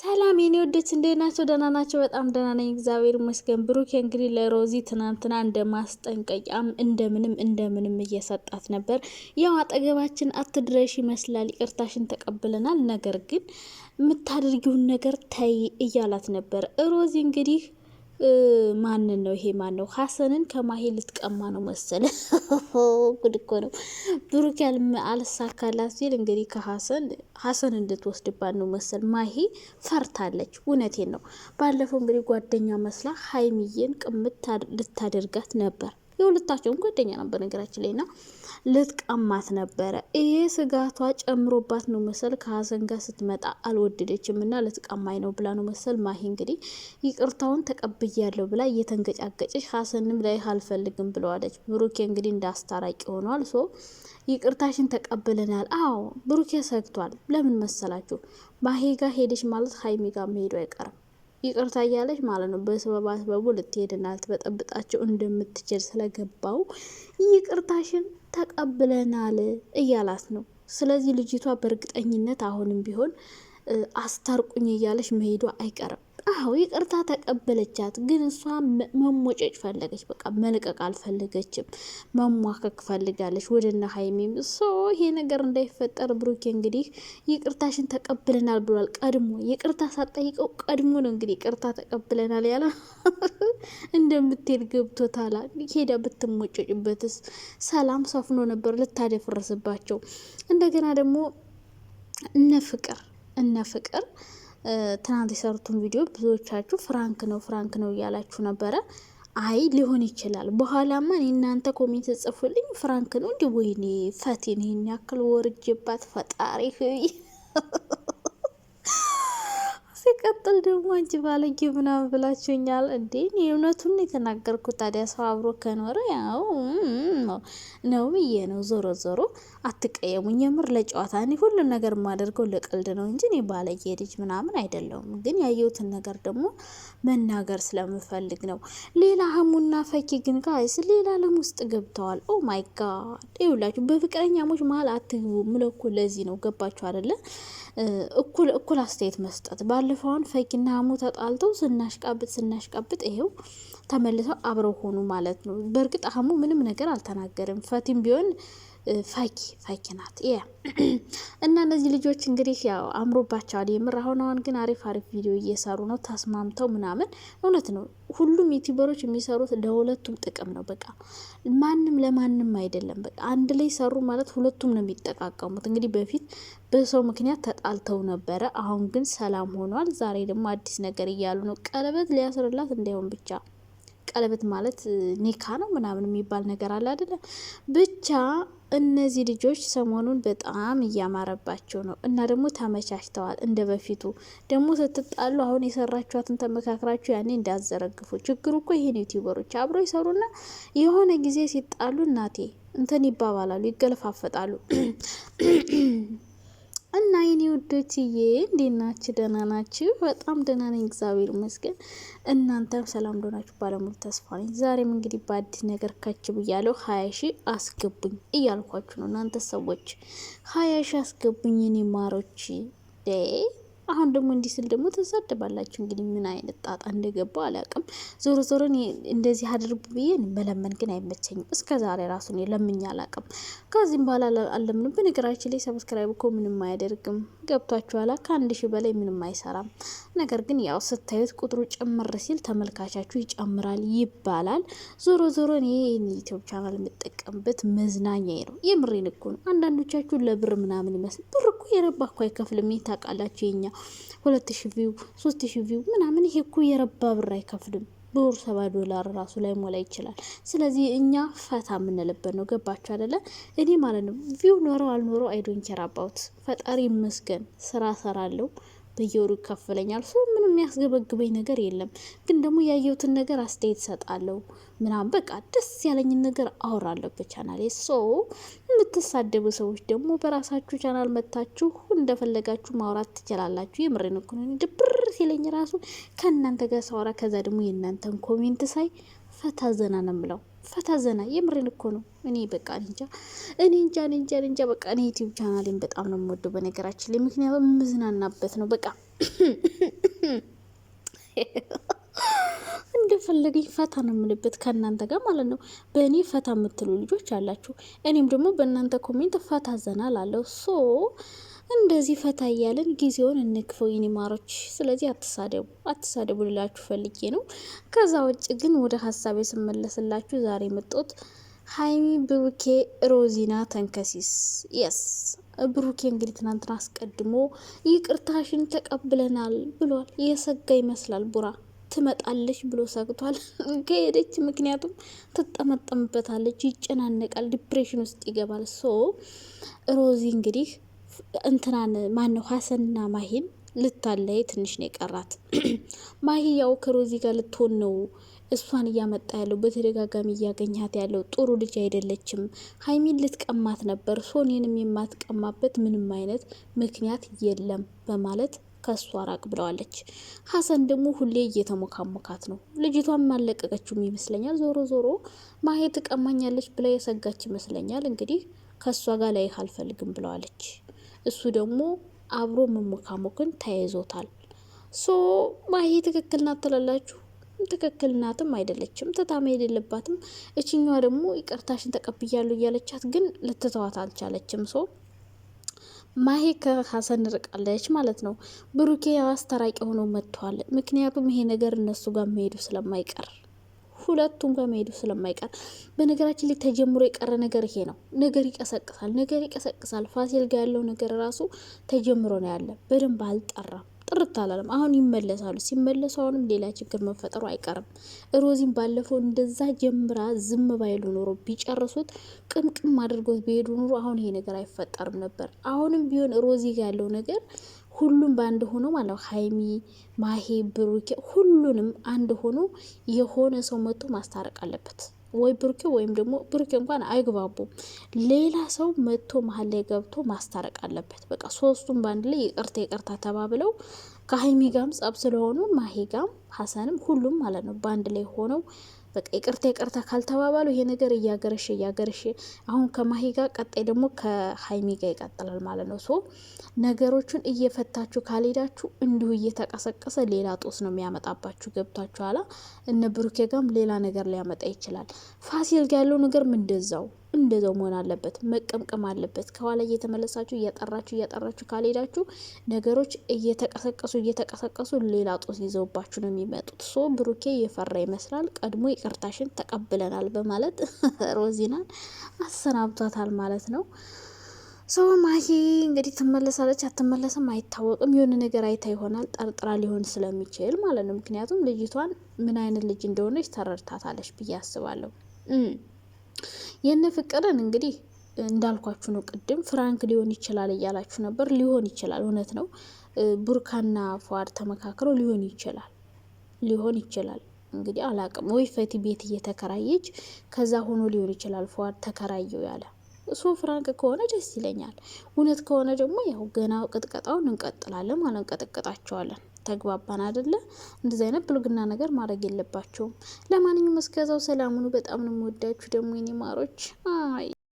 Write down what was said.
ሰላም የኔ ወደች እንዴት ናቸው? ደህና ናቸው። በጣም ደህና ነኝ እግዚአብሔር ይመስገን። ብሩክ እንግዲህ ለሮዚ ትናንትና እንደ ማስጠንቀቂያም እንደምንም እንደምንም እየሰጣት ነበር። ያው አጠገባችን አትድረሽ ይመስላል ይቅርታሽን ተቀብለናል፣ ነገር ግን የምታደርጊውን ነገር ተይ እያላት ነበር። ሮዚ እንግዲህ ማንን ነው ይሄ? ማን ነው ሀሰንን ከማሄ ልትቀማ ነው መሰለ። ጉድ እኮ ነው። ብሩክ አልሳካላት ሲል እንግዲህ ከሀሰን ሀሰን እንድትወስድባት ነው መሰል ማሄ ፈርታለች። እውነቴን ነው። ባለፈው እንግዲህ ጓደኛ መስላ ሀይሚዬን ቅምት ልታደርጋት ነበር። የሁለታቸውም ጓደኛ ነበር ነገራችን ላይ ና ልትቀማት ነበረ። ይሄ ስጋቷ ጨምሮባት ነው መሰል ከሀዘን ጋር ስትመጣ አልወደደችም እና ልትቀማኝ ነው ብላ ነው መሰል ማሂ እንግዲህ ይቅርታውን ተቀብያለሁ ብላ እየተንገጫገጨች ሀሰንም ላይ አልፈልግም ብለዋለች። ብሩኬ እንግዲህ እንዳስታራቂ ሆኗል። ሶ ይቅርታሽን ተቀብለናል። አዎ ብሩኬ ሰግቷል። ለምን መሰላችሁ ማሄ ጋር ሄደች ማለት ሀይሚ ጋር መሄዱ አይቀርም። ይቅርታ እያለች ማለት ነው። በሰበብ አስበቡ ልትሄድና ልትበጠብጣቸው እንደምትችል ስለገባው ይቅርታሽን ተቀብለናል እያላት ነው። ስለዚህ ልጅቷ በእርግጠኝነት አሁንም ቢሆን አስታርቁኝ እያለች መሄዷ አይቀርም። አዎ ይቅርታ ተቀበለቻት። ግን እሷ መሞጨጭ ፈለገች፣ በቃ መልቀቅ አልፈለገችም። መሟከክ ፈልጋለች ወደና ሀይሚም ሶ ይሄ ነገር እንዳይፈጠር ብሩኬ እንግዲህ ይቅርታሽን ተቀብለናል ብሏል። ቀድሞ ይቅርታ ሳጠይቀው ቀድሞ ነው እንግዲህ ይቅርታ ተቀብለናል ያለ እንደምትሄድ ገብቶታላ። ሄዳ ብትሞጨጭበትስ ሰላም ሰፍኖ ነበር ልታደፍረስባቸው። እንደገና ደግሞ እነ ፍቅር እነ ፍቅር ትናንት የሰሩትን ቪዲዮ ብዙዎቻችሁ ፍራንክ ነው ፍራንክ ነው እያላችሁ ነበረ። አይ ሊሆን ይችላል። በኋላማ እናንተ ኮሜንት ጽፉልኝ ፍራንክ ነው እንዲ ወይኔ ፈቲን ይህን ያክል ወርጅባት ፈጣሪ ሆይ ሲቀጥል ደግሞ አንቺ ባለጌ ምናምን ብላችሁኛል እንዴ? የእውነቱን የተናገርኩት ታዲያ ሰው አብሮ ከኖረ ያው ነው ብዬ ነው። ዞሮ ዞሮ አትቀየሙኝ። የምር ለጨዋታ እኔ ሁሉን ነገር የማደርገው ለቀልድ ነው እንጂ እኔ ባለጌ ልጅ ምናምን አይደለውም። ግን ያየሁትን ነገር ደግሞ መናገር ስለምፈልግ ነው። ሌላ ሀሙና ፈኪ ግን ጋይስ ሌላ ዓለም ውስጥ ገብተዋል። ኦ ማይ ጋድ ይውላችሁ። በፍቅረኛሞች መሀል አትግቡ ምለኩ ለዚህ ነው ገባችሁ አደለ? እኩል እኩል አስተያየት መስጠት ባለፈው ባለፈውን ፈኪና ሀሙ ተጣልተው ስናሽቃብጥ ስናሽቃብጥ ይሄው ተመልሰው አብረው ሆኑ ማለት ነው። በእርግጥ ሀሙ ምንም ነገር አልተናገርም። ፈቲም ቢሆን ፋኪ ፋኪ ናት። እና እነዚህ ልጆች እንግዲህ ያው አምሮባቸዋል። የምር አሁን አሁን ግን አሪፍ አሪፍ ቪዲዮ እየሰሩ ነው፣ ተስማምተው ምናምን። እውነት ነው፣ ሁሉም ዩቲዩበሮች የሚሰሩት ለሁለቱም ጥቅም ነው። በቃ ማንም ለማንም አይደለም። በቃ አንድ ላይ ሰሩ ማለት ሁለቱም ነው የሚጠቃቀሙት። እንግዲህ በፊት በሰው ምክንያት ተጣልተው ነበረ፣ አሁን ግን ሰላም ሆኗል። ዛሬ ደግሞ አዲስ ነገር እያሉ ነው። ቀለበት ሊያስርላት እንዳይሆን ብቻ ቀለበት ማለት ኒካ ነው ምናምን የሚባል ነገር አለ አይደለም ብቻ እነዚህ ልጆች ሰሞኑን በጣም እያማረባቸው ነው እና ደግሞ ተመቻችተዋል። እንደ በፊቱ ደግሞ ስትጣሉ አሁን የሰራችኋትን ተመካክራችሁ ያኔ እንዳዘረግፉ። ችግሩ እኮ ይሄን ዩቲዩበሮች አብረው ይሰሩና የሆነ ጊዜ ሲጣሉ እናቴ እንትን ይባባላሉ፣ ይገለፋፈጣሉ እና የኔ ውዶችዬ እንዴት ናችሁ? ደህና ናችሁ? በጣም ደህና ነኝ፣ እግዚአብሔር ይመስገን። እናንተም ሰላም ደሆናችሁ ባለሙሉ ተስፋ ነኝ። ዛሬም እንግዲህ በአዲስ ነገር ከች ብያለሁ። ሀያ ሺ አስገቡኝ እያልኳችሁ ነው። እናንተ ሰዎች ሀያ ሺ አስገቡኝ የኔ ማሮች። አሁን ደግሞ እንዲህ ስል ደግሞ ትሳደባላችሁ። እንግዲህ ምን አይነት ጣጣ እንደገባው አላውቅም። ዞሮ ዞሮ እንደዚህ አድርጉ ብዬ መለመን ግን አይመቸኝም። እስከ ዛሬ ራሱን ለምኜ አላውቅም። ከዚህም በኋላ አለምንም። በነገራችን ላይ ሰብስክራይብ እኮ ምንም አያደርግም። ገብቷችኋላ። ከአንድ ሺህ በላይ ምንም አይሰራም። ነገር ግን ያው ስታዩት ቁጥሩ ጭምር ሲል ተመልካቻችሁ ይጨምራል ይባላል። ዞሮ ዞሮ እኔ ዩቲዩብ ቻናል የምጠቀምበት መዝናኛ ነው። የምሬን እኮ ነው። አንዳንዶቻችሁ ለብር ምናምን ይመስል ብር እኮ የረባ እኮ አይከፍልም። ይህ ታውቃላችሁ የኛ ሁለት ሺህ ቪው ሶስት ሺህ ቪው ምናምን ይሄ እኮ የረባ ብር አይከፍልም። ብር ሰባ ዶላር ራሱ ላይ ሞላ ይችላል። ስለዚህ እኛ ፈታ የምንልበት ነው። ገባችሁ አደለ? እኔ ማለት ነው ቪው ኖረው አልኖረው አይዶንኬር አባውት ፈጣሪ ይመስገን ስራ ሰራለው በየወሩ ይከፍለኛል። የሚያስገበግበኝ ነገር የለም። ግን ደግሞ ያየሁትን ነገር አስተያየት ሰጣለሁ ምናምን በቃ ደስ ያለኝን ነገር አወራለሁ በቻናሌ። ሶ የምትሳደቡ ሰዎች ደግሞ በራሳችሁ ቻናል መታችሁ እንደፈለጋችሁ ማውራት ትችላላችሁ። የምሬን እኮ ነው። ድብር ሲለኝ ራሱ ከእናንተ ጋር ሳወራ ከዛ ደግሞ የእናንተን ኮሜንት ሳይ ፈታ ዘና ነው የምለው። ፈታ ዘና የምሬን እኮ ነው። እኔ በቃ እንጃ እኔ እንጃ እኔ እንጃ እንጃ በቃ እኔ ዩቲዩብ ቻናሌን በጣም ነው የምወደው በነገራችን ላይ ምክንያቱም የምዝናናበት ነው በቃ እንደፈለገኝ ፈታ ነው የምልበት ከእናንተ ጋር ማለት ነው። በእኔ ፈታ የምትሉ ልጆች አላችሁ፣ እኔም ደግሞ በእናንተ ኮሜንት ፈታ ዘና ላለሁ። ሶ እንደዚህ ፈታ እያለን ጊዜውን እንክፈው የኔ ማሮች። ስለዚህ አትሳደቡ፣ አትሳደቡ ልላችሁ ፈልጌ ነው። ከዛ ውጭ ግን ወደ ሀሳቤ ስመለስላችሁ ዛሬ መጦት ሀይሚ ብሩኬ ሮዚና ተንከሲስ የስ ብሩኬ እንግዲህ ትናንትና አስቀድሞ ይቅርታሽን ተቀብለናል ብሏል። የሰጋ ይመስላል ቡራ ትመጣለች ብሎ ሰግቷል። ከሄደች ምክንያቱም ትጠመጠምበታለች፣ ይጨናነቃል፣ ዲፕሬሽን ውስጥ ይገባል። ሶ ሮዚ እንግዲህ እንትናን ማነው ሀሰንና ማሂን ልታለይ ትንሽ ነው የቀራት። ማሂ ያው ከሮዚ ጋር ልትሆን ነው እሷን እያመጣ ያለው በተደጋጋሚ እያገኛት ያለው ጥሩ ልጅ አይደለችም። ሀይሚን ልትቀማት ነበር፣ ሶኔንም የማትቀማበት ምንም አይነት ምክንያት የለም በማለት ከእሷ ራቅ ብለዋለች። ሀሰን ደግሞ ሁሌ እየተሞካሞካት ነው። ልጅቷን ማለቀቀችውም ይመስለኛል። ዞሮ ዞሮ ማሄ ትቀማኛለች ብላ የሰጋች ይመስለኛል። እንግዲህ ከእሷ ጋር ላይህ አልፈልግም ብለዋለች። እሱ ደግሞ አብሮ መሞካሞክን ተያይዞታል። ሶ ማሄ ትክክል ናት ትላላችሁ? ትክክል ናትም አይደለችም፣ ትታማ የሌለባትም። እችኛዋ ደግሞ ይቅርታሽን ተቀብያሉ እያለቻት ግን ልትተዋት አልቻለችም። ሶ ማሄ ከሀሰን ርቃለች ማለት ነው። ብሩኬ አስታራቂ ሆኖ መጥቷል። ምክንያቱም ይሄ ነገር እነሱ ጋር መሄዱ ስለማይቀር ሁለቱም ጋር መሄዱ ስለማይቀር በነገራችን ላይ ተጀምሮ የቀረ ነገር ይሄ ነው። ነገር ይቀሰቅሳል፣ ነገር ይቀሰቅሳል። ፋሲል ጋር ያለው ነገር ራሱ ተጀምሮ ነው ያለ፣ በደንብ አልጠራም። ጥርት አላለም። አሁን ይመለሳሉ። ሲመለሱ አሁንም ሌላ ችግር መፈጠሩ አይቀርም። ሮዚም ባለፈው እንደዛ ጀምራ ዝም ባይሉ ኖሮ ቢጨርሱት ቅምቅም አድርጎት ቢሄዱ ኖሮ አሁን ይሄ ነገር አይፈጠርም ነበር። አሁንም ቢሆን ሮዚ ያለው ነገር ሁሉም በአንድ ሆኖ ማለት ነው ሀይሚ፣ ማሄ፣ ብሩኬ ሁሉንም አንድ ሆኖ የሆነ ሰው መጥቶ ማስታረቅ አለበት። ወይ ብሩኬ ወይም ደግሞ ብሩኬ እንኳን አይግባቡም። ሌላ ሰው መጥቶ መሀል ላይ ገብቶ ማስታረቅ አለበት። በቃ ሶስቱም በአንድ ላይ ይቅርታ ይቅርታ ተባብለው ከሀይሚ ጋም ጸብ ስለሆኑ ማሄ ጋም ሀሰንም ሁሉም ማለት ነው በአንድ ላይ ሆነው በቃ ይቅርታ ይቅርታ ካልተባባሉ ይሄ ነገር እያገረሽ እያገረሽ አሁን ከማሂ ጋር ቀጣይ ደግሞ ከሀይሚ ጋር ይቀጥላል ማለት ነው። ሶ ነገሮቹን እየፈታችሁ ካልሄዳችሁ እንዲሁ እየተቀሰቀሰ ሌላ ጦስ ነው የሚያመጣባችሁ። ገብታችሁ ኋላ እነ ብሩኬ ጋም ሌላ ነገር ሊያመጣ ይችላል። ፋሲል ጋ ያለው ነገር ምንደዛው እንደዛው መሆን አለበት፣ መቀምቀም አለበት። ከኋላ እየተመለሳችሁ እያጠራችሁ እያጠራችሁ ካልሄዳችሁ ነገሮች እየተቀሰቀሱ እየተቀሰቀሱ ሌላ ጦስ ይዘውባችሁ ነው የሚመጡት። ሶ ብሩኬ የፈራ ይመስላል ቀድሞ ይቅርታሽን ተቀብለናል በማለት ሮዚናን አሰናብቷታል ማለት ነው። ሰው ማሂ እንግዲህ ትመለሳለች አትመለስም አይታወቅም። የሆነ ነገር አይታ ይሆናል ጠርጥራ ሊሆን ስለሚችል ማለት ነው። ምክንያቱም ልጅቷን ምን አይነት ልጅ እንደሆነች ተረድታታለች ብዬ አስባለሁ። ይህን ፍቅርን እንግዲህ እንዳልኳችሁ ነው። ቅድም ፍራንክ ሊሆን ይችላል እያላችሁ ነበር። ሊሆን ይችላል፣ እውነት ነው። ቡርካና ፏድ ተመካክረው ሊሆን ይችላል ሊሆን ይችላል እንግዲህ አላቅም ወይ ፈቲ ቤት እየተከራየች ከዛ ሆኖ ሊሆን ይችላል ፏድ ተከራየው ያለ እሱ ፍራንክ ከሆነ ደስ ይለኛል። እውነት ከሆነ ደግሞ ያው ገና ቅጥቀጣውን እንቀጥላለን ማለት እንቀጠቅጣቸዋለን። ተግባባን አደለ? እንደዚ አይነት ብልግና ነገር ማድረግ የለባቸውም። ለማንኛውም እስከዛው ሰላሙኑ በጣም ንወዳችሁ ደግሞ የኔ ማሮች። አይ